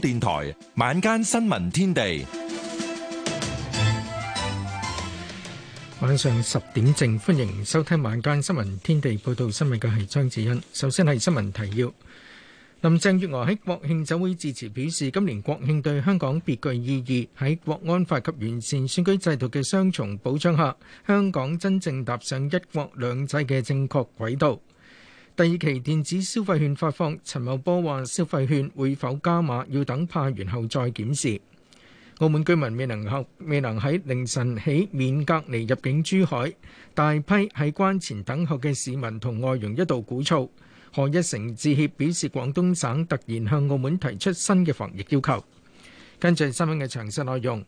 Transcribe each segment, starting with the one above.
電台晚間新聞天地，晚上十點正，歡迎收聽晚間新聞天地報道新聞嘅係張智欣。首先係新聞提要：林鄭月娥喺國慶酒會致辭表示，今年國慶對香港別具意義。喺國安法及完善選舉制度嘅雙重保障下，香港真正踏上一國兩制嘅正確軌道。第二期電子消費券發放，陳茂波話：消費券會否加碼，要等派完後再檢視。澳門居民未能後未能喺凌晨起免隔離入境珠海，大批喺關前等候嘅市民同外傭一度鼓噪。何一成致歉表示，廣東省突然向澳門提出新嘅防疫要求。跟住新聞嘅詳細內容。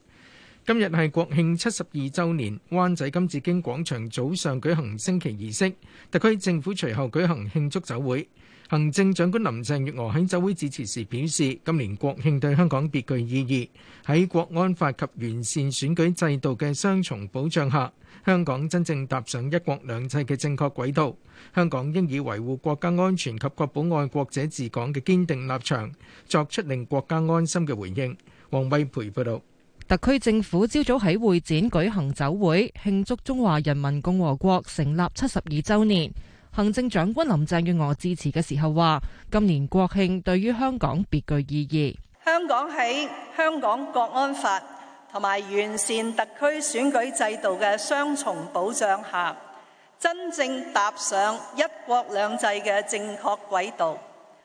今日係國慶七十二週年，灣仔金紫荊廣場早上舉行升旗儀式，特區政府隨後舉行慶祝酒會。行政長官林鄭月娥喺酒會致辭時表示，今年國慶對香港別具意義。喺國安法及完善選舉制度嘅雙重保障下，香港真正踏上一國兩制嘅正確軌道。香港應以維護國家安全及確保愛國者治港嘅堅定立場，作出令國家安心嘅回應。黃惠培報導。特區政府朝早喺會展舉行酒會，慶祝中華人民共和國成立七十二週年。行政長官林鄭月娥致辭嘅時候話，今年國慶對於香港別具意義。香港喺香港國安法同埋完善特區選舉制度嘅雙重保障下，真正踏上一國兩制嘅正確軌道，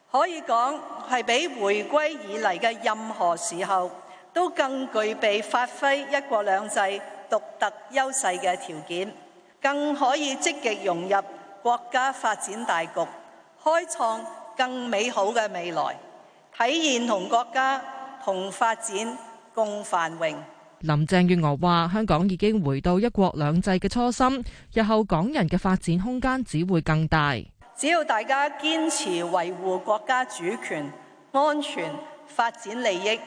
可以講係比回歸以嚟嘅任何時候都更具備發揮一國兩制獨特優勢嘅條件，更可以積極融入國家發展大局，開創更美好嘅未來，體現同國家同發展共繁榮。林鄭月娥話：香港已經回到一國兩制嘅初心，日後港人嘅發展空間只會更大。只要大家堅持維護國家主權、安全、發展利益，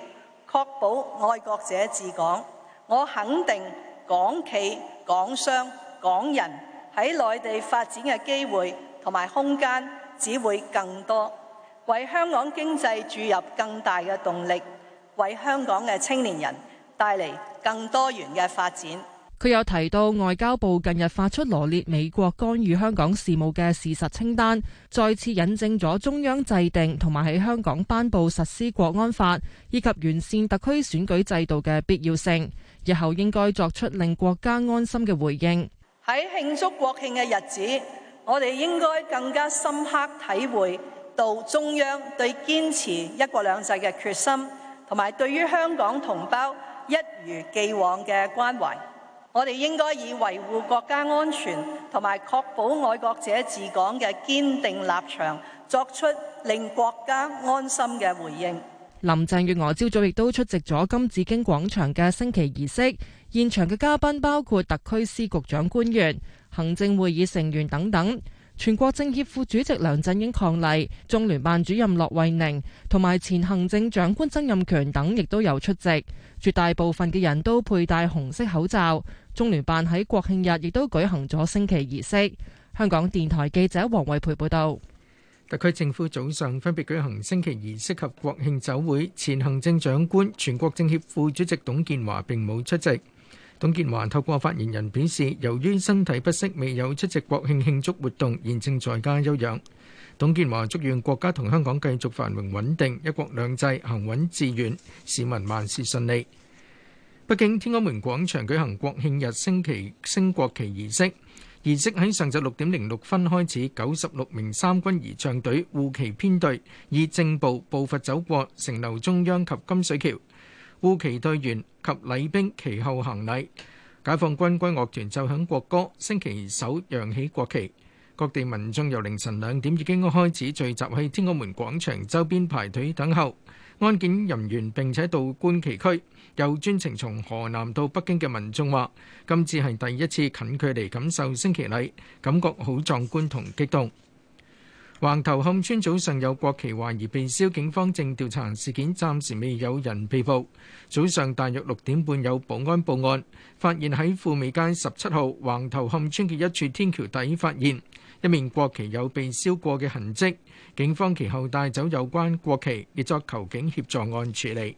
確保愛國者治港，我肯定港企、港商、港人喺內地發展嘅機會同埋空間，只會更多，為香港經濟注入更大嘅動力，為香港嘅青年人帶嚟更多元嘅發展。佢又提到，外交部近日發出羅列美國干預香港事務嘅事實清單，再次引證咗中央制定同埋喺香港頒布實施國安法以及完善特區選舉制度嘅必要性。日後應該作出令國家安心嘅回應。喺慶祝國慶嘅日子，我哋應該更加深刻體會到中央對堅持一國兩制嘅決心，同埋對於香港同胞一如既往嘅關懷。我哋應該以維護國家安全同埋確保愛國者治港嘅堅定立場作出令國家安心嘅回應。林鄭月娥朝早亦都出席咗金紫荊廣場嘅升旗儀式，現場嘅嘉賓包括特區司局長官員、行政會議成員等等。全國政協副主席梁振英抗例，中聯辦主任樂慧寧同埋前行政長官曾蔭權等亦都有出席。絕大部分嘅人都佩戴紅色口罩。中聯辦喺國慶日亦都舉行咗升旗儀式。香港電台記者黃慧培報道，特區政府早上分別舉行升旗儀式及國慶酒會，前行政長官、全國政協副主席董建華並冇出席。董建華透過發言人表示，由於身體不適，未有出席國慶慶祝活動，現正在家休養。董建華祝願國家同香港繼續繁榮穩定，一國兩制行穩致遠，市民萬事順利。北京天安門廣場舉行國慶日升旗升國旗儀式，儀式喺上晝六點零六分開始，九十六名三軍儀仗隊護旗編隊以正步步伐走過城樓中央及金水橋，護旗隊員及禮兵其後行禮，解放軍軍樂團奏響國歌，升旗手揚起國旗。各地民眾由凌晨兩點已經開始聚集喺天安門廣場周邊排隊等候。安檢人員並且到觀旗區，有專程從河南到北京嘅民眾話：今次係第一次近距離感受升旗禮，感覺好壯觀同激動。橫頭磡村早上有國旗懷疑被燒，警方正調查事件，暫時未有人被捕。早上大約六點半有保安報案，發現喺富美街十七號橫頭磡村嘅一處天橋底發現，一面國旗有被燒過嘅痕跡，警方其後帶走有關國旗，列作求警協助案處理。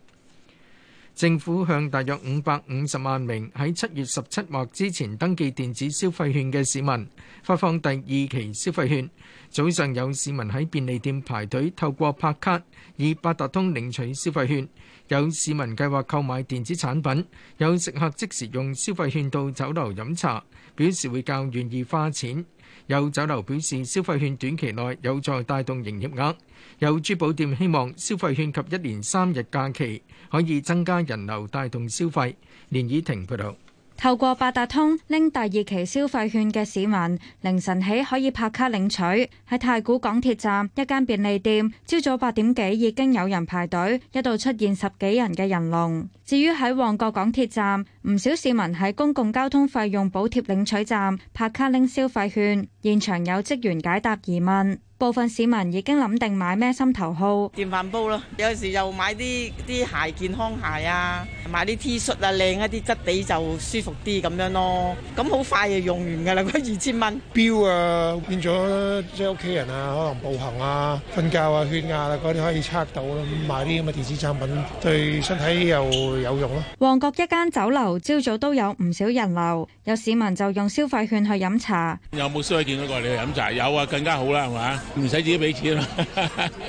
政府向大約五百五十萬名喺七月十七日之前登記電子消費券嘅市民發放第二期消費券。早上有市民喺便利店排隊，透過拍卡以八達通領取消費券。有市民計劃購買電子產品，有食客即時用消費券到酒樓飲茶，表示會較願意花錢。有酒樓表示消費券短期內有助帶動營業額，有珠寶店希望消費券及一連三日假期可以增加人流，帶動消費。連以婷報導。透過八達通拎第二期消費券嘅市民凌晨起可以拍卡領取，喺太古港鐵站一間便利店，朝早八點幾已經有人排隊，一度出現十幾人嘅人龍。至於喺旺角港鐵站，唔少市民喺公共交通費用補貼領取站拍卡拎消費券，現場有職員解答疑問。部分市民已經諗定買咩心頭好？電飯煲咯，有時又買啲啲鞋，健康鞋啊，買啲 T 恤啊，靚一啲質地就舒服啲咁樣咯。咁好快就用完㗎啦，嗰二千蚊。錶啊，變咗即係屋企人啊，可能步行啊、瞓覺啊、血壓啊嗰啲可以測到咯。買啲咁嘅電子產品對身體又～有用咯！旺角一間酒樓朝早都有唔少人流，有市民就用消費券去飲茶。有冇消費券嗰個你去飲茶？有啊，更加好啦，係嘛？唔使自己俾錢啦，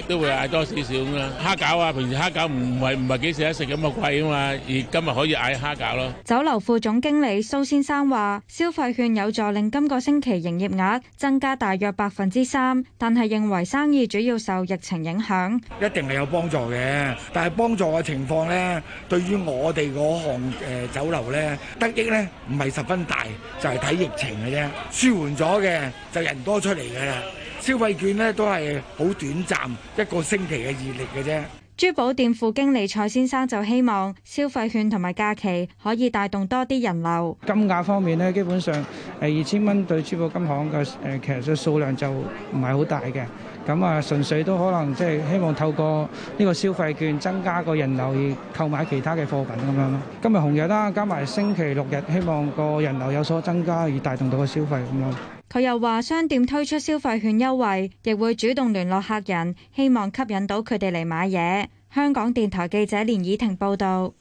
都會嗌多少少咁啦。蝦餃啊，平時蝦餃唔係唔係幾捨得食咁啊貴啊嘛，而今日可以嗌蝦餃咯。酒樓副總經理蘇先生話：消費券有助令今個星期營業額增加大約百分之三，但係認為生意主要受疫情影響。一定係有幫助嘅，但係幫助嘅情況咧，對於。我哋嗰行誒酒樓咧得益咧唔係十分大，就係睇疫情嘅啫。舒緩咗嘅就人多出嚟嘅啦。消費券咧都係好短暫一個星期嘅熱力嘅啫。珠寶店副經理蔡先生就希望消費券同埋假期可以帶動多啲人流。金額方面咧，基本上誒二千蚊對珠寶金行嘅誒，其實嘅數量就唔係好大嘅。咁啊，純粹都可能即係希望透過呢個消費券，增加個人流而購買其他嘅貨品咁樣咯。今日紅日啦，加埋星期六日，希望個人流有所增加而帶動到個消費咁樣。佢又話，商店推出消費券優惠，亦會主動聯絡客人，希望吸引到佢哋嚟買嘢。香港電台記者連倚婷報道。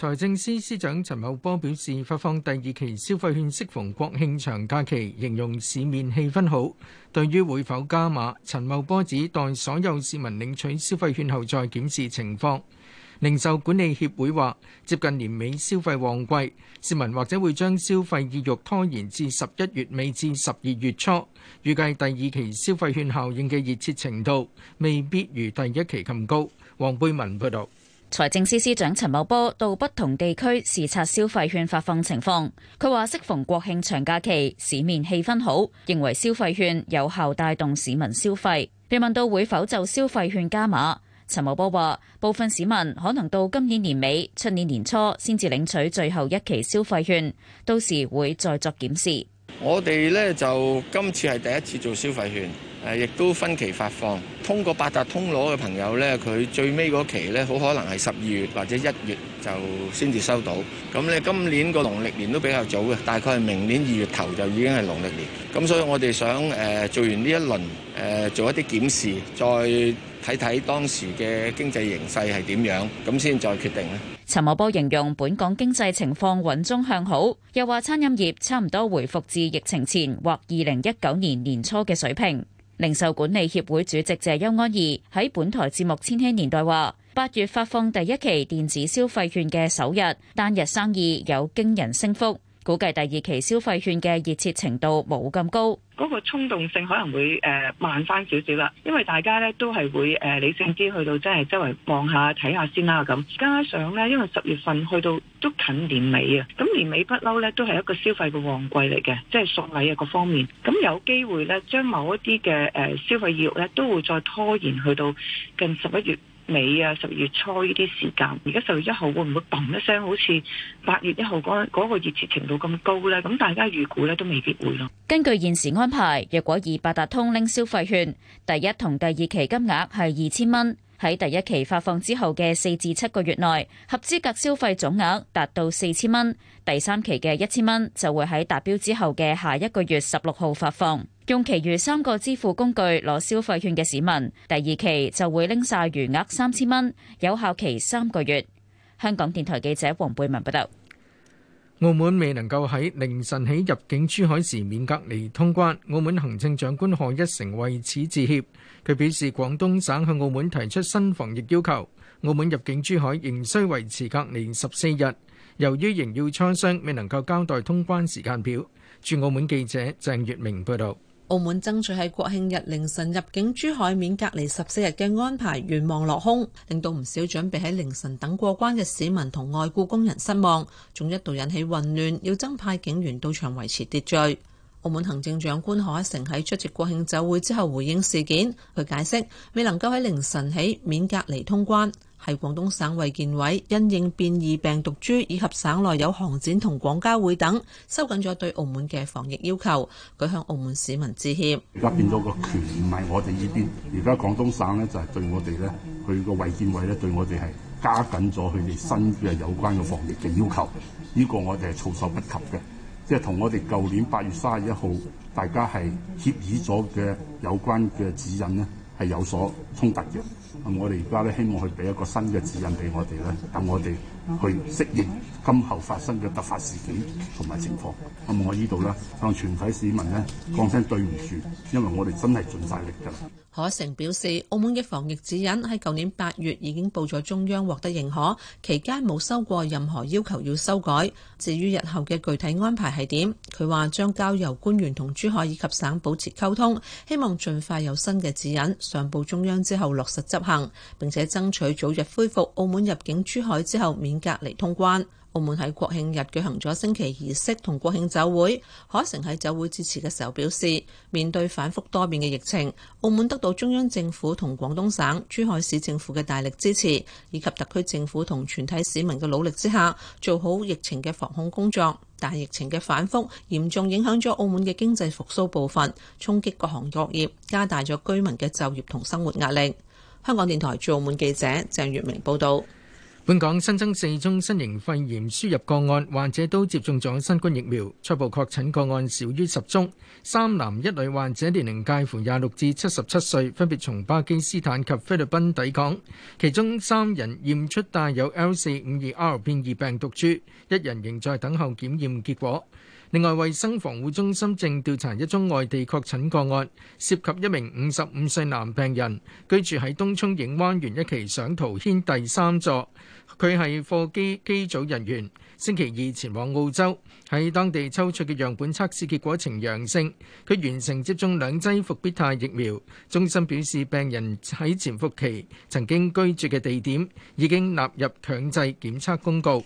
財政司司長陳茂波表示，發放第二期消費券適逢國慶長假期，形容市面氣氛好。對於會否加碼，陳茂波指待所有市民領取消費券後再檢視情況。零售管理協會話，接近年尾消費旺季，市民或者會將消費意欲拖延至十一月尾至十二月初。預計第二期消費券效應嘅熱切程度未必如第一期咁高。黃貝文報導。財政司司長陳茂波到不同地區視察消費券發放情況，佢話適逢國慶長假期，市面氣氛好，認為消費券有效帶動市民消費。被問到會否就消費券加碼，陳茂波話：部分市民可能到今年年尾，出年年初先至領取最後一期消費券，到時會再作檢視。我哋呢就今次係第一次做消費券。誒，亦都分期發放。通過八達通攞嘅朋友，呢佢最尾嗰期呢，好可能係十二月或者一月就先至收到。咁咧，今年個農曆年都比較早嘅，大概係明年二月頭就已經係農曆年。咁所以我，我哋想誒做完呢一輪誒、呃、做一啲檢視，再睇睇當時嘅經濟形勢係點樣，咁先再決定咧。陳茂波形容本港經濟情況穩中向好，又話餐飲業差唔多回復至疫情前或二零一九年年初嘅水平。零售管理協會主席謝邱安儀喺本台節目《千禧年代》話：八月發放第一期電子消費券嘅首日，單日生意有驚人升幅。估計第二期消費券嘅熱切程度冇咁高，嗰個衝動性可能會誒慢翻少少啦，因為大家咧都係會誒理性啲去到，即係周圍望下睇下先啦咁。加上咧，因為十月份去到都近年尾啊，咁年尾不嬲咧都係一個消費嘅旺季嚟嘅，即係索禮啊各方面，咁有機會咧將某一啲嘅誒消費業咧都會再拖延去到近十一月。尾啊！十月初呢啲時間，而家十月一號會唔會嘣一聲，好似八月一號嗰嗰個熱切程度咁高呢？咁大家預估咧都未必會咯。根據現時安排，若果以八達通拎消費券，第一同第二期金額係二千蚊。喺第一期發放之後嘅四至七個月內，合資格消費總額達到四千蚊，第三期嘅一千蚊就會喺達標之後嘅下一個月十六號發放。用其餘三個支付工具攞消費券嘅市民，第二期就會拎晒餘額三千蚊，有效期三個月。香港電台記者黃貝文報道。澳門未能夠喺凌晨起入境珠海時免隔離通關，澳門行政長官賀一誠為此致歉。佢表示廣東省向澳門提出新防疫要求，澳門入境珠海仍需維持隔離十四日。由於仍要磋商，未能夠交代通關時間表。駐澳門記者鄭月明報道。澳門爭取喺國慶日凌晨入境珠海免隔離十四日嘅安排，願望落空，令到唔少準備喺凌晨等過關嘅市民同外雇工人失望，仲一度引起混亂，要增派警員到場維持秩序。澳門行政長官賀一誠喺出席國慶酒會之後回應事件，佢解釋未能夠喺凌晨起免隔離通關，係廣東省衛健委因應變異病毒株以及省內有航展同廣交會等，收緊咗對澳門嘅防疫要求。佢向澳門市民致歉。而家變咗個權唔係我哋呢邊，而家廣東省呢就係對我哋呢。佢個衛健委呢對我哋係加緊咗佢哋新嘅有關嘅防疫嘅要求，呢個我哋係措手不及嘅。即係同我哋舊年八月三十一號大家係協議咗嘅有關嘅指引咧，係有所衝突嘅。咁我哋而家咧希望去俾一個新嘅指引俾我哋咧，等我哋去適應今後發生嘅突發事件同埋情況。咁我呢度咧向全體市民咧講聲對唔住，因為我哋真係盡晒力㗎喇。海誠表示，澳門嘅防疫指引喺舊年八月已經報咗中央獲得認可，期間冇收過任何要求要修改。至於日後嘅具體安排係點，佢話將交由官員同珠海以及省保持溝通，希望盡快有新嘅指引上報中央之後落實執行，並且爭取早日恢復澳門入境珠海之後免隔離通關。澳門喺國慶日舉行咗升旗儀式同國慶酒會，賀一誠喺酒會致辭嘅時候表示，面對反覆多變嘅疫情，澳門得到中央政府同廣東省、珠海市政府嘅大力支持，以及特區政府同全體市民嘅努力之下，做好疫情嘅防控工作。但係疫情嘅反覆嚴重影響咗澳門嘅經濟復蘇部分，衝擊各行各業,業，加大咗居民嘅就業同生活壓力。香港電台駐澳門記者鄭月明報道。本港新增四宗新型肺炎輸入個案，患者都接種咗新冠疫苗，初步確診個案少於十宗，三男一女患者年齡介乎廿六至七十七歲，分別從巴基斯坦及菲律賓抵港，其中三人驗出帶有 L 四五二 R 變異病毒株，一人仍在等候檢驗結果。另外，衛生防護中心正調查一宗外地確診個案，涉及一名五十五歲男病人，居住喺東涌影灣園一期上圖軒第三座。佢係貨機機組人員，星期二前往澳洲，喺當地抽出嘅樣本測試結果呈陽性。佢完成接種兩劑復必泰疫苗。中心表示，病人喺潛伏期曾經居住嘅地點已經納入強制檢測公告。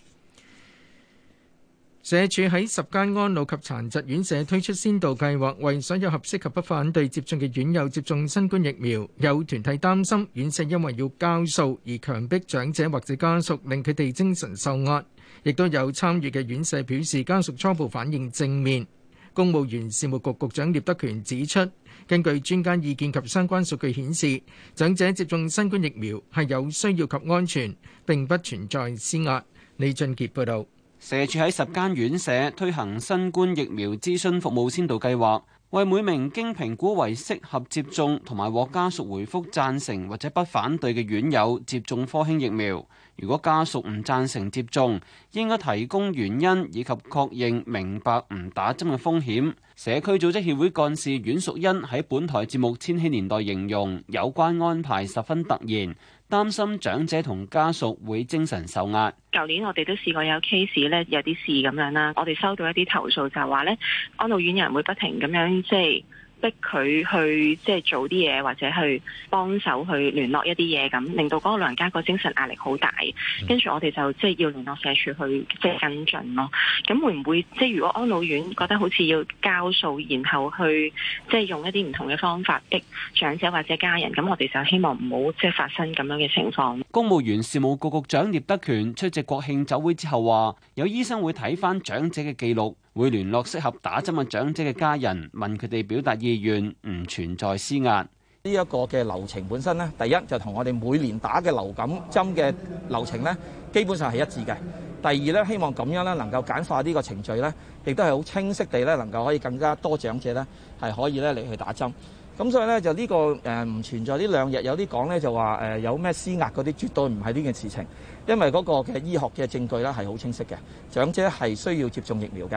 社署喺十間安老及殘疾院社推出先導計劃，為所有合適及不反對接種嘅院友接種新冠疫苗。有團體擔心院社因為要交數而強迫長者或者家屬，令佢哋精神受壓。亦都有參與嘅院社表示，家屬初步反應正面。公務員事務局局,局長聶德權指出，根據專家意見及相關數據顯示，長者接種新冠疫苗係有需要及安全，並不存在施壓。李俊傑報道。社署喺十間院舍推行新冠疫苗諮詢服務先導計劃，為每名經評估為適合接種同埋獲家屬回覆贊成或者不反對嘅院友接種科興疫苗。如果家屬唔贊成接種，應該提供原因以及確認明白唔打針嘅風險。社區組織協會幹事阮淑欣喺本台節目《千禧年代》形容有關安排十分突然。擔心長者同家屬會精神受壓。舊年我哋都試過有 case 咧，有啲事咁樣啦。我哋收到一啲投訴就話咧，安老院人會不停咁樣即係，逼佢去即係做啲嘢，或者去幫手去聯絡一啲嘢，咁令到嗰個老人家個精神壓力好大。跟住我哋就即係要聯絡社署去即係跟進咯。咁會唔會即係如果安老院覺得好似要交數，然後去即係用一啲唔同嘅方法逼長者或者家人？咁我哋就希望唔好即係發生咁樣嘅情況。公務員事務局局長聶德權出席國慶酒會之後話，有醫生會睇翻長者嘅記錄。會聯絡適合打針嘅長者嘅家人，問佢哋表達意願，唔存在施壓。呢一個嘅流程本身呢，第一就同我哋每年打嘅流感針嘅流程呢，基本上係一致嘅。第二呢，希望咁樣呢，能夠簡化呢個程序呢，亦都係好清晰地呢，能夠可以更加多長者呢，係可以呢嚟去打針。咁所以咧就呢個誒唔存在呢兩日有啲講咧就話誒有咩施壓嗰啲絕對唔係呢件事情，因為嗰個嘅醫學嘅證據咧係好清晰嘅，長者係需要接種疫苗嘅，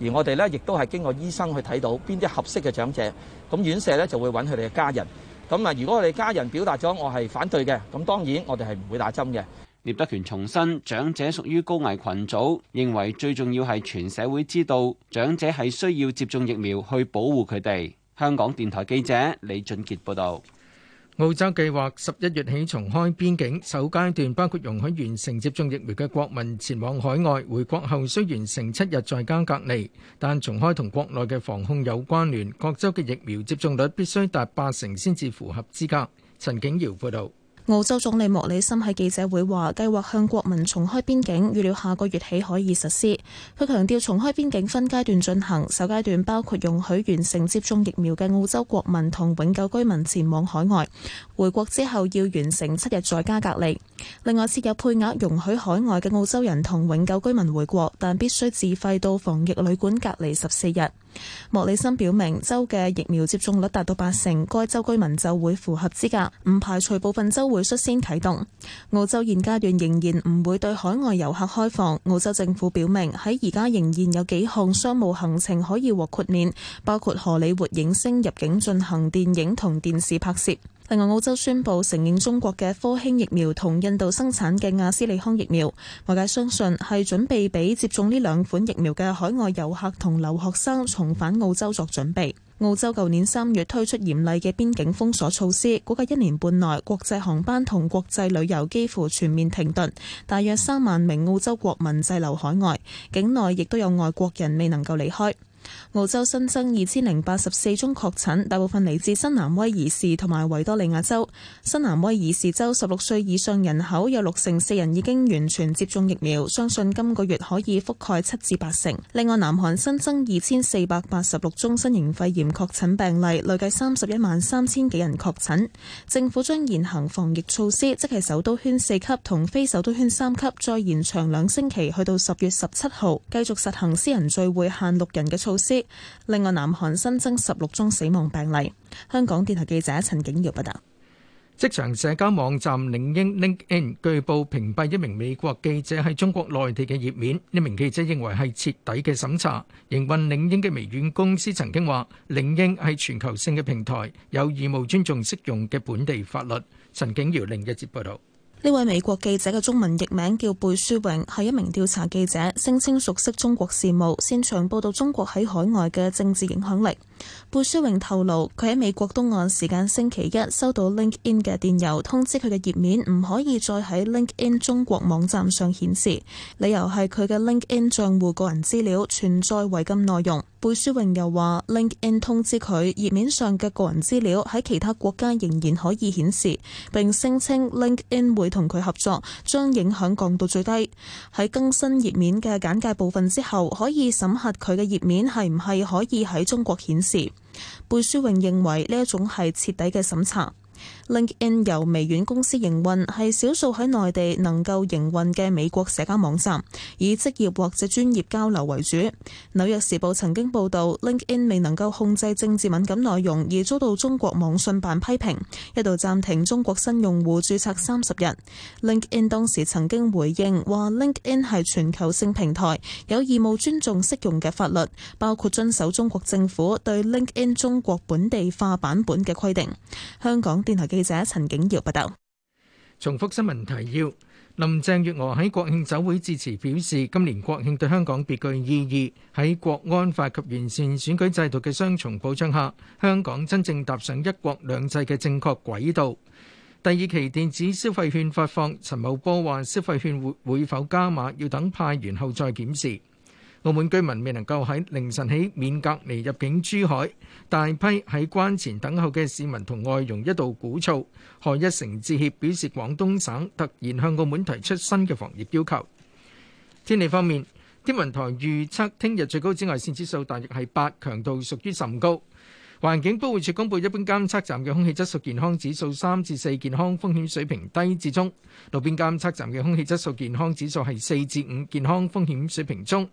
而我哋咧亦都係經過醫生去睇到邊啲合適嘅長者，咁院舍咧就會揾佢哋嘅家人，咁啊如果我哋家人表達咗我係反對嘅，咁當然我哋係唔會打針嘅。聶德權重申，長者屬於高危群組，認為最重要係全社會知道長者係需要接種疫苗去保護佢哋。香港電台記者李俊杰報道：澳洲計劃十一月起重開邊境，首階段包括容許完成接種疫苗嘅國民前往海外，回國後需完成七日在家隔離。但重開同國內嘅防控有關聯，各州嘅疫苗接種率必須達八成先至符合資格。陳景瑤報道。澳洲總理莫里森喺記者會話，計劃向國民重開邊境，預料下個月起可以實施。佢強調重開邊境分階段進行，首階段包括容許完成接種疫苗嘅澳洲國民同永久居民前往海外，回國之後要完成七日在家隔離。另外設有配額，容許海外嘅澳洲人同永久居民回國，但必須自費到防疫旅館隔離十四日。莫里森表明，州嘅疫苗接種率達到八成，該州居民就會符合資格，唔排除部分州會率先啟動。澳洲現階段仍然唔會對海外遊客開放。澳洲政府表明，喺而家仍然有幾項商務行程可以獲豁免，包括荷里活影星入境進行電影同電視拍攝。另外，澳洲宣布承認中國嘅科興疫苗同印度生產嘅亞斯利康疫苗，外界相信係準備俾接種呢兩款疫苗嘅海外遊客同留學生重返澳洲作準備。澳洲舊年三月推出嚴厲嘅邊境封鎖措施，估計一年半內國際航班同國際旅遊幾乎全面停頓，大約三萬名澳洲國民滯留海外，境內亦都有外國人未能夠離開。澳洲新增二千零八十四宗確診，大部分嚟自新南威爾士同埋維多利亞州。新南威爾士州十六歲以上人口有六成四人已經完全接種疫苗，相信今個月可以覆蓋七至八成。另外，南韓新增二千四百八十六宗新型肺炎確診病例，累計三十一萬三千幾人確診。政府將現行防疫措施，即係首都圈四級同非首都圈三級，再延長兩星期，去到十月十七號，繼續實行私人聚會限六人嘅措。老師。另外，南韓新增十六宗死亡病例。香港電台記者陳景瑤報道：職場社交網站領英 （LinkedIn） 據報屏蔽一名美國記者喺中國內地嘅頁面。呢名記者認為係徹底嘅審查。營運領英嘅微軟公司曾經話：領英係全球性嘅平台，有義務尊重適用嘅本地法律。陳景瑤另一節報道。呢位美國記者嘅中文譯名叫貝舒榮，係一名調查記者，聲稱熟悉中國事務，擅長報道中國喺海外嘅政治影響力。貝舒榮透露，佢喺美國東岸時間星期一收到 LinkedIn 嘅電郵通知，佢嘅頁面唔可以再喺 LinkedIn 中國網站上顯示，理由係佢嘅 LinkedIn 賬戶個人資料存在違禁內容。貝舒榮又話，LinkedIn 通知佢頁面上嘅個人資料喺其他國家仍然可以顯示，並聲稱 LinkedIn 會同佢合作，將影響降到最低。喺更新頁面嘅簡介部分之後，可以審核佢嘅頁面係唔係可以喺中國顯示。時貝舒榮認為呢一種係徹底嘅審查。LinkedIn 由微軟公司營運，係少數喺內地能夠營運嘅美國社交網站，以職業或者專業交流為主。紐約時報》曾經報道 l i n k e d i n 未能夠控制政治敏感內容而遭到中國網信辦批評，一度暫停中國新用戶註冊三十日。LinkedIn 當時曾經回應話 l i n k e d i n 係全球性平台，有義務尊重適用嘅法律，包括遵守中國政府對 LinkedIn 中國本地化版本嘅規定。香港電台嘅。記者陳景瑤報道。重複新聞提要：林鄭月娥喺國慶酒會致辭，表示今年國慶對香港別具意義。喺國安法及完善選舉制度嘅雙重保障下，香港真正踏上一國兩制嘅正確軌道。第二期電子消費券發放，陳茂波話：消費券會會否加碼，要等派完後再檢視。澳門居民未能夠喺凌晨起免隔離入境珠海，大批喺關前等候嘅市民同外傭一度鼓噪。何一成致歉，表示廣東省突然向澳門提出新嘅防疫要求。天氣方面，天文台預測聽日最高紫外線指數大約係八，強度屬於甚高。環境保護署公布一般監測站嘅空氣質素健康指數三至四，健康風險水平低至中；路邊監測站嘅空氣質素健康指數係四至五，健康風險水平中。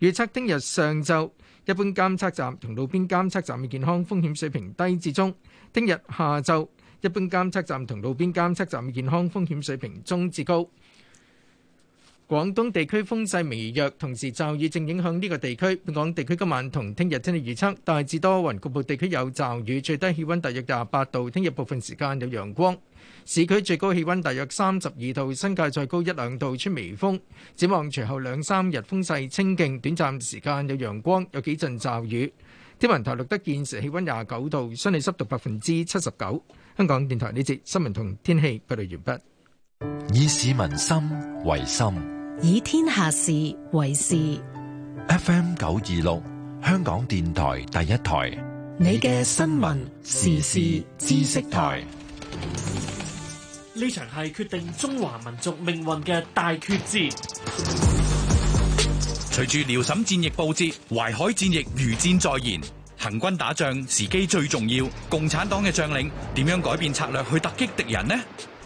預測聽日上晝，一般監測站同路邊監測站嘅健康風險水平低至中，聽日下晝，一般監測站同路邊監測站嘅健康風險水平中至高。廣東地區風勢微弱，同時驟雨正影響呢個地區。本港地區今晚同聽日天氣預測大致多雲，局部地區有驟雨，最低氣溫大約廿八度。聽日部分時間有陽光，市區最高氣溫大約三十二度，新界再高一兩度，吹微風。展望隨後兩三日風勢清勁，短暫時間有陽光，有幾陣驟雨。天文台錄得現時氣溫廿九度，相對濕度百分之七十九。香港電台呢節新聞同天氣報告完畢。以市民心為心。以天下事為事。FM 九二六，香港電台第一台。你嘅新聞時事知識台。呢場係決定中華民族命運嘅大決戰。隨住遼瀋戰役報捷，淮海戰役如箭在弦。行軍打仗時機最重要。共產黨嘅將領點樣改變策略去突擊敵人呢？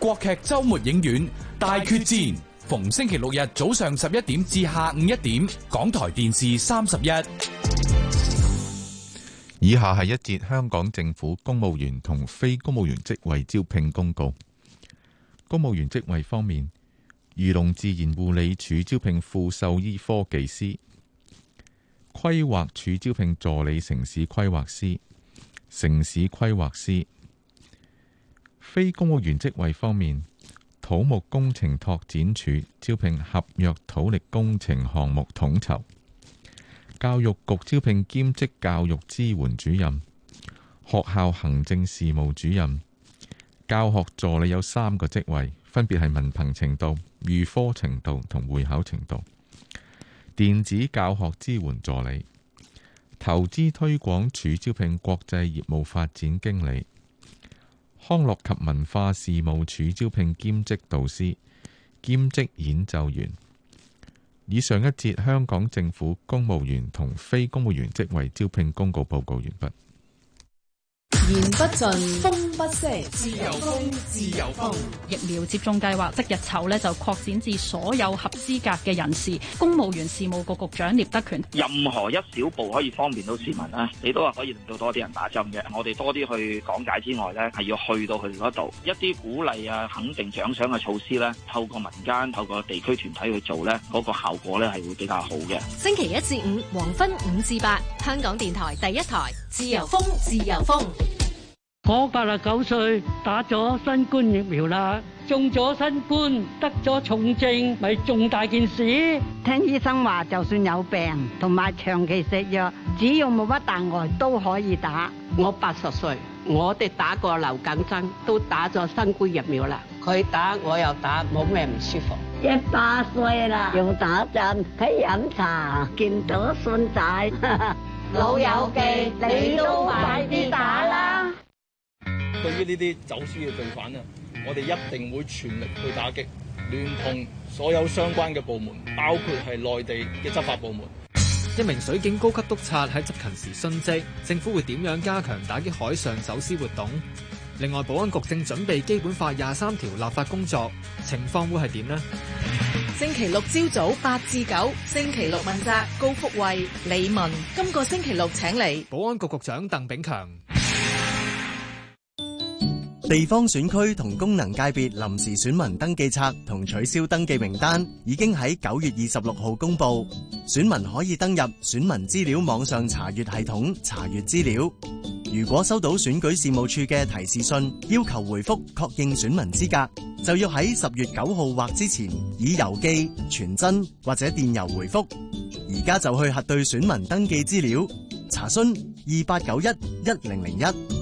國劇周末影院大決戰。逢星期六日早上十一點至下午一點，港台電視三十一。以下係一節香港政府公務員同非公務員職位招聘公告。公務員職位方面，漁農自然護理署招聘副獸醫科技師，規劃署招聘助理城市規劃師、城市規劃師。非公務員職位方面。土木工程拓展處招聘合約土力工程項目統籌，教育局招聘兼職教育支援主任、學校行政事務主任、教學助理有三個職位，分別係文憑程度、預科程度同會考程度。電子教學支援助理，投資推廣處招聘國際業務發展經理。康樂及文化事務署招聘兼職導師、兼職演奏員。以上一節香港政府公務員同非公務員職位招聘公告報告完畢。言不盡，風不息，自由風，自由風。疫苗接種計劃即日起咧就擴展至所有合資格嘅人士。公務員事務局局長聶德權：任何一小步可以方便到市民啦，你都話可以令到多啲人打針嘅。我哋多啲去講解之外咧，係要去到佢哋嗰度，一啲鼓勵啊、肯定獎賞嘅措施咧，透過民間、透過地區團體去做咧，嗰、嗰個效果咧係會比較好嘅。星期一至五黃昏五至八，香港電台第一台。自由風，自由風。我八十九歲，打咗新冠疫苗啦，中咗新冠，得咗重症，咪重大件事。聽醫生話，就算有病同埋長期食藥，只要冇乜大礙都可以打。我八十歲，我哋打過流感針，都打咗新冠疫苗啦。佢打，我又打，冇咩唔舒服。一百歲啦，用打針，去飲茶，見到孫仔。老友記，你都快啲打啦！對於呢啲走私嘅罪犯啊，我哋一定會全力去打擊，聯同所有相關嘅部門，包括係內地嘅執法部門。一名水警高級督察喺執勤時殉職，政府會點樣加強打擊海上走私活動？另外，保安局正準備《基本法》廿三條立法工作，情況會係點呢？星期六朝早八至九，星期六問責高福慧、李文，今個星期六請嚟保安局局長鄧炳強。地方選區同功能界別臨時選民登記冊同取消登記名單已經喺九月二十六號公布，選民可以登入選民資料網上查閱系統查閱資料。如果收到選舉事務處嘅提示信，要求回覆確認選民資格，就要喺十月九號或之前以郵寄、傳真或者電郵回覆而家就去核對選民登記資料查詢，查詢二八九一一零零一。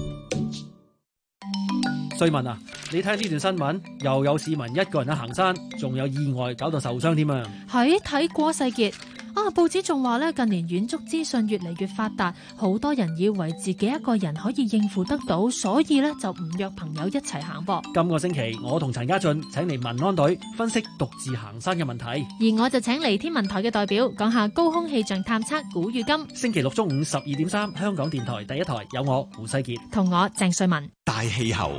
瑞文啊，你睇呢段新聞，又有市民一個人喺行山，仲有意外搞到受傷添啊！喺睇過世節啊、哦，報紙仲話咧，近年遠足資訊，越嚟越發達，好多人以為自己一個人可以應付得到，所以咧就唔約朋友一齊行噃。今個星期我同陳家俊請嚟民安隊分析獨自行山嘅問題，而我就請嚟天文台嘅代表講下高空氣象探測古語今。星期六中午十二點三，3, 香港電台第一台有我胡世杰同我鄭瑞文大氣候。